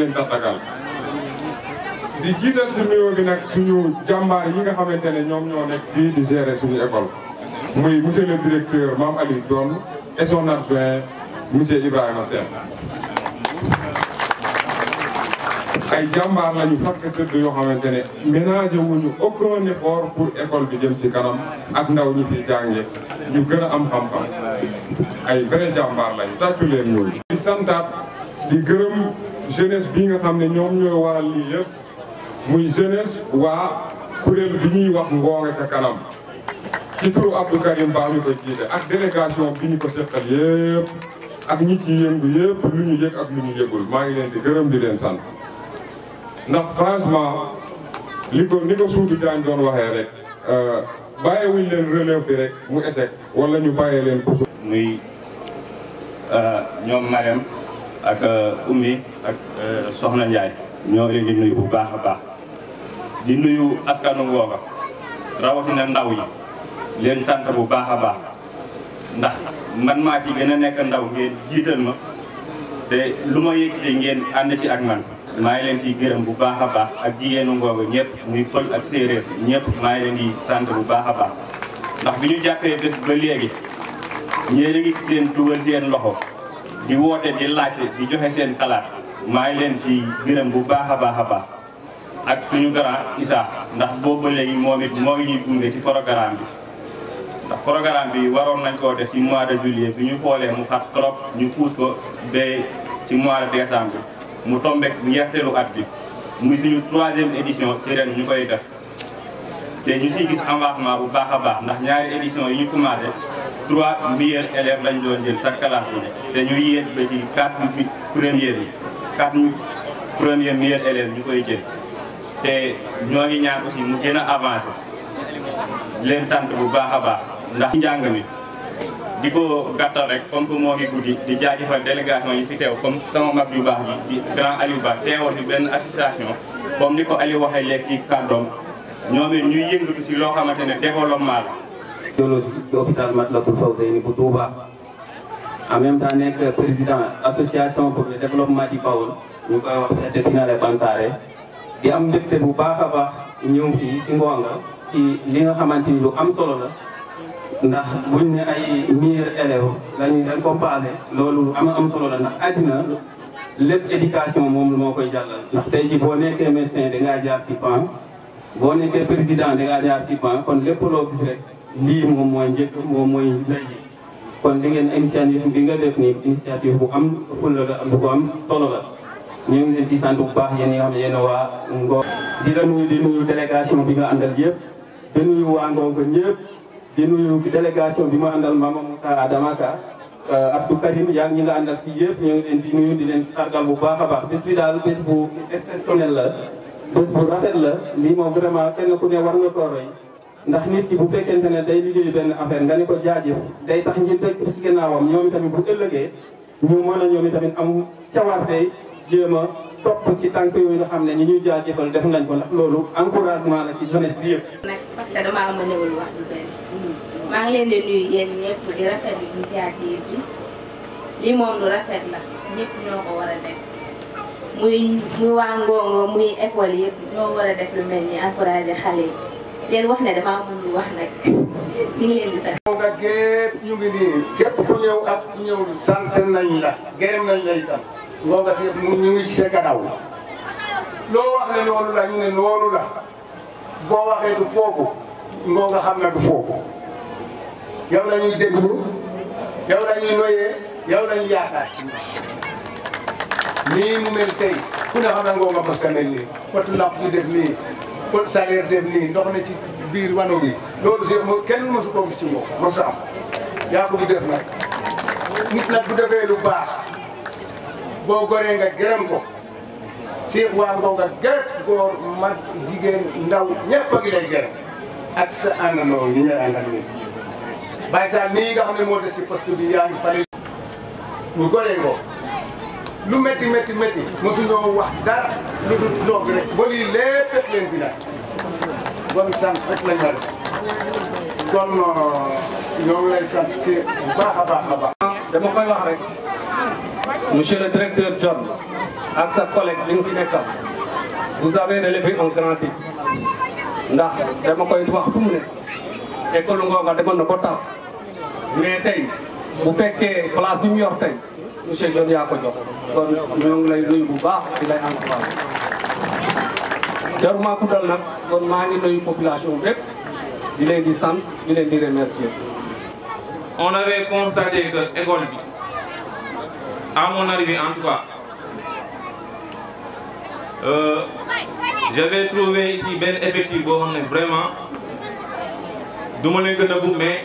leen tàggatal di jiital si nuyoo bi nag suñu jàmbaar yi nga xamante ne ñoom ñoo nekk fii di gérer suñu école muy monsieur le directeur Mame Aliou Dione et son adjoint monsieur Ibrahima Sène ay jàmbaar lañu fakk tëdd yoo xamante ne ménagé wuñu aucun effort pour école bi jëm ci kanam ak ndaw ñu fi jànge ñu gën a am xam-xam ay vrai jàmbaar lañu tàccu leen santaat di gërëm jeunesse bi nga xam ne ñoom ñoo waral lii yëpp muy jeunesse waa kuréel bi ñuy wax Ngoné ca kanam ci turu Abdou Karim Ba mi ko jiite ak délégation bi ñu ko seqal yëpp ak ñi ci yëngu yëpp lu ñu yëg ak lu ñu yëgul maa ngi leen di gërëm di leen sant ndax franchement li ko ni ko suudu jaan doon waxee rek euh, bàyyiwuñ leen relève bi rek mu échec wala ñu bàyyee leen ko muy euh, ñoom Marème ak euh, ummi ak euh, soxna Ndiaye ñoo leen di nuyu bu baax a baax di nuyu askanu Ngooga rawatina ndaw yi leen sant bu baax a baax ndax man maa ci gën a nekk ndaw ngeen jiital ma te lu ma yëkkati ngeen ànd ci ak man maa ngi leen ciy gërëm bu baax a baax ak jigéenu Ngooga ñëpp muy pël ak séeréer ñëpp maa ngi leen di sant bu baax a baax ndax bi ñu jàppee bés ba léegi ñee ngi seen dugal seen loxo di woote di laajte di joxe seen xalaat maa ngi leen di gërëm bu baax a baax a baax ak suñu grand Issa ndax boobu ba léegi moom moo ngi ñuy gunge ci programme bi. ndax programme bi waroon nañ koo def ci mois de juillet bi ñu xoolee mu xat trop ñu puus ko ba ci mois de décembre mu tombé ñeenteelu at bi muy suñu troisième édition ci ren ñu koy def te ñu siy gis avancement bu baax a baax ndax ñaari édition yi ñu commencé. trois meilleurs élèves lañ doon jël sa classe bu ne te ñu yéeg ba ci quatre premières yi quatre premiers meilleurs élèves ñu koy jël te ñoo ngi ñaan aussi mu gën a avancé leen sant bu baax a baax ndax njàng mi di ko gàttal rek comme que moo ngi guddi di jaajëfal délégation yi fi teew comme sama mag yu baax yi di grand Aliou Ba teewal fi benn association comme ni ko Aliou waxee léegi ci kàddoom ñoom it ñuy yëngatu si loo xamante ne développement la cardiologie ci la Matlaboul Fawzeyni bu Touba. en même temps nekk président association pour le développement du Baol ñu koy wax fête finale Bantare di am mbégte bu baax a baax ñëw fii ci Ngonga ci li nga xamante ni lu am solo la. ndax buñ ne ay meilleurs élèves lañuy dañ ko loolu am am solo la ndax àddina lépp éducation moom moo koy jàllal. ndax tey ji boo nekkee médecin dangaa jaar ci PAN boo nekkee président dangaa jaar ci PAN kon lépp loo gis rek. li moom moy njëkk moom moy daje kon di ngeen initiative bi nga def ni initiative bu am fulla la bu am solo la ñu ngi leen ci sant bu baax yeen yi nga xam ne di la nuyu di nuyu delegation bi nga andal yëpp di nuyu ngo ko ñëpp di nuyu delegation bi ma andal Mama musa Adama Ka euh, Abdou Karim ya ngi nga andal fii yëpp ñu ngi leen di nuyu di leen sargal bu baaxa baax bis bi daal bis bu exceptionnel la bis bu rafet la li mo vraiment kenn ku ne war nga ko roy ndax nit ki bu fekkente ne day liggéey benn affaire nga ne ko jaajëf day tax ñi teg ci ginnaawam ñoom itamit bu ëllëgee ñu mën a ñoom itamit am cawarte jéem a topp ci tànk yooyu nga xam ne ñi ñuy jaajëfal def nañ ko ndax loolu encouragement la ci jeunesse bi yëpp. parce que damaa mënewul wax lu bëri maa ngi leen di nuyu yéen ñëpp di rafetlu initiative bi lii moom lu rafet la ñëpp ñoo ko war a def. muy muy waa Ngongo muy école yëpp ñoo war a def leen wax ne damaa mënul wax nag ñu leen di sant. ñëw nga gépp ñu ngi nii képp ku ñëw ak ku ñëw sant nañ la gërëm nañ la itam loo nga si ñu ngi ci sa gannaaw loo wax ne loolu la ñu ne loolu la boo waxee du foofu ngoo nga xam ne du foofu yow la ñuy déglu yow la ñuy noyee yow la ñuy yaakaar nii mu mel tey ku ne xam ne ngoo nga mos a mel nii pot làmp ñu def nii. fël salaire def nii ndox na ci biir wano bi loolu si kenn mosu ko gis ci moom mosu am yaa ko bu nag nit nag bu defee lu baax boo goree nga gërëm ko Cheikh waa Ngow nga gërëm góor mag jigéen ndaw ñëpp a ngi lay gërëm ak sa àndandoo ñu ñooy àndal nii Baye Sall nii nga xam ne moo des ci poste bi yaa ngi fale bu goree ko lu métti métti métti mosuñoo wax dara lu dul doog rek ba lii lépp fekk leen fi daal bon sant rek lañ la kon euh, ñoo ngi lay sant si bu baax a baax a baax. dama koy wax rek monsieur le directeur John ak sa collègue li nga fi nekkal vous avez relevé un grand défi ndax dama koy wax fu mu ne école Ngooga demoon na ko tas mais tey. bu fekkee place bi mu yor tey monsieur Dione yaa ko jox kon ñoo ngi lay nuyu bu baax di lay encouragé jaruma ko dal nag kon maa ngi nuyu population bépp di leen di sant di leen di remercier. on avait constaté que école bi à mon arrivée en tout cas euh, j'avais trouvé ici benn effectif boo xam ne vraiment duma leen gën a mais.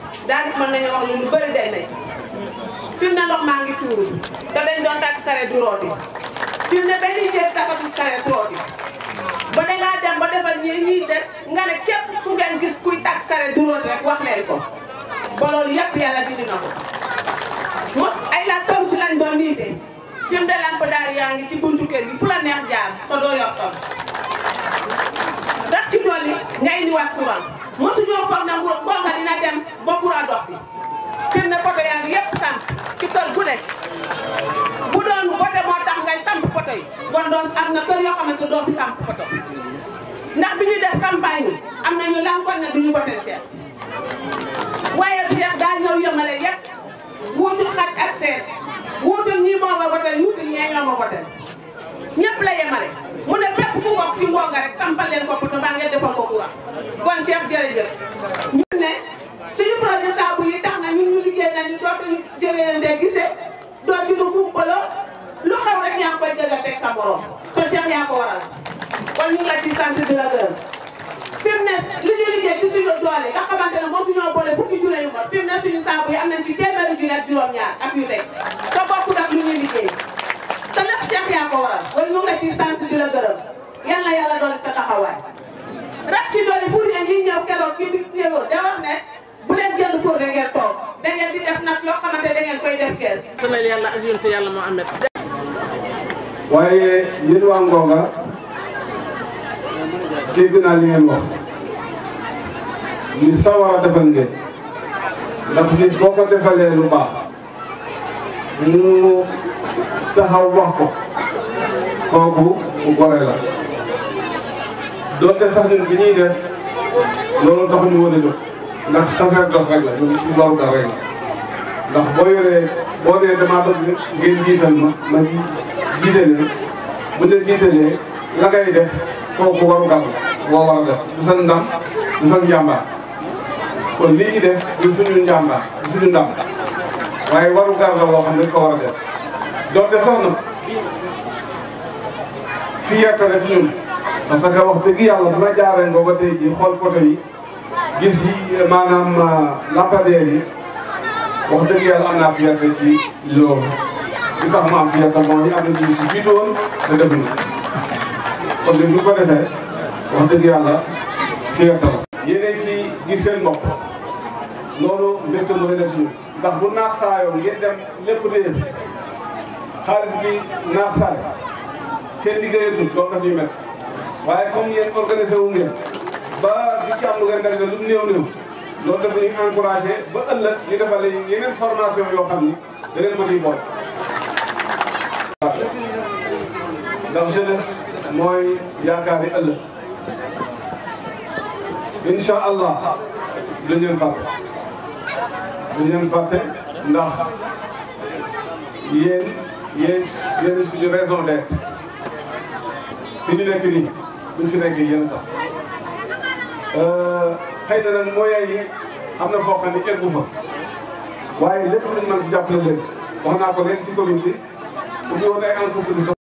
daanaka mën nañoo wax lu bëri day nañ fi ne ndox maa ngi tuuru te dañ doon takk sareet du rooti fi mu ne benn jéeg takkatu sareet rooti ba dangaa dem ba defal ñii ñuy de nga ne képp ku ngeen gis kuy takk sareet du rooti rek wax leen ko ba loolu yëpp yàlla dindi na ko mo ay la tontu lañ doon niite fi mu ne lampadaar yaa ngi ci buntu kër gi fu la neex jaar te doo yor tontu ndax ci dolli ngay indiwaat courant mosuñoo foog na mboq nga dina dem gox bi fir ne poto yaa ngi yëpp sànq ci kër gu ne bu doon bote moo tax ngay samp poto yi kon doon am na kër yoo xamante doo fi samp poto ndax bi ñuy def campagne am na ñu lankoon ne duñu voté Cheikh waaye Cheikh daa ñëw yëmale yëpp wuutul xaj ak seet wuutul ñii moo ma voté wuutul ñee ñoo ma voté ñëpp la yemale mu ne fépp fu bokk ci Mboga rek sampal ko poto mbaa ngeen defal ko ku wax kon Cheikh jërëjëf ñu ne suñu projet saabu yi tax na ñun ñu liggéey nañu dootuñu jëlee ndeg gisee dootuñu kumpalo lu xew rek ñaa ngi koy jëga teg sa borom kon Cheikh yaa ko waral ñu ngi la ci sant la gërëm fi ne li ñu liggéey ci suñu doole nga xamante ne moo suñoo boole fukki junne yu mot fi mu ne suñu saabu yi am nañ ci téeméeri junne ak juróom-ñaar ak yu teg te bokkul ak lu ñuy liggéey te lépp Cheikh yaa ko waral ñu ngi la ci sant di la gërëm yal na yàlla doole sa taxawaay rek ci doole bu leen jënd ko da ngeen toog da ngeen di def nag loo xamante da ngeen koy def kees. tamit yàlla ak yonent yàlla moo am waaye yéen waa Ngonga dégg naa li ngeen wax ñu sawar a ndax safeer dof rek la ñun si borom dof rek la ndax boo yoree boo nee damaa bëgg ngeen jiital ma ma jiite leen bu ñu la jiitalee la def kooku waru gar boo war a def du sa ndam du sa njàmbaar kon lii ñu la boo xam ne ko war a fii yettale si ñun dëgg yàlla bu ma gis yi euh, maanaam euh, lampadeer yi wax dëgg yàlla am naa fierté ci loolu li tax ma am fierté mooy am na ci si jiitu woon te def na kon li ñu ko defee wax dëgg yàlla fierté la yéeneen ci gis seen bopp loolu mbégte mooy def ñu ndax bu naax saayoo ngeen dem lépp réer xaalis bi naax saay kenn loolu daf ñu métti waaye comme yéen organisé wu ngeen lu ci am lu ngeen dajale lu néew néew loolu daf ñuy encouragé ba ëllëg ñu defal leen yeneen formation yoo xam da leen ko ciy ndax jeunesse mooy yaakaar yi ëllëg incha allah duñ leen fàtte duñ leen fàtte ndax yéen yéen yéen suñu raison d'être fi ñu nekk buñ fi nekk yéen tax. Euh, xëy na nag mooy yi am na foo xam ne eggu fa waaye lépp luñ mën si jàppale leen wax naa ko ren ci commune bi pour ñu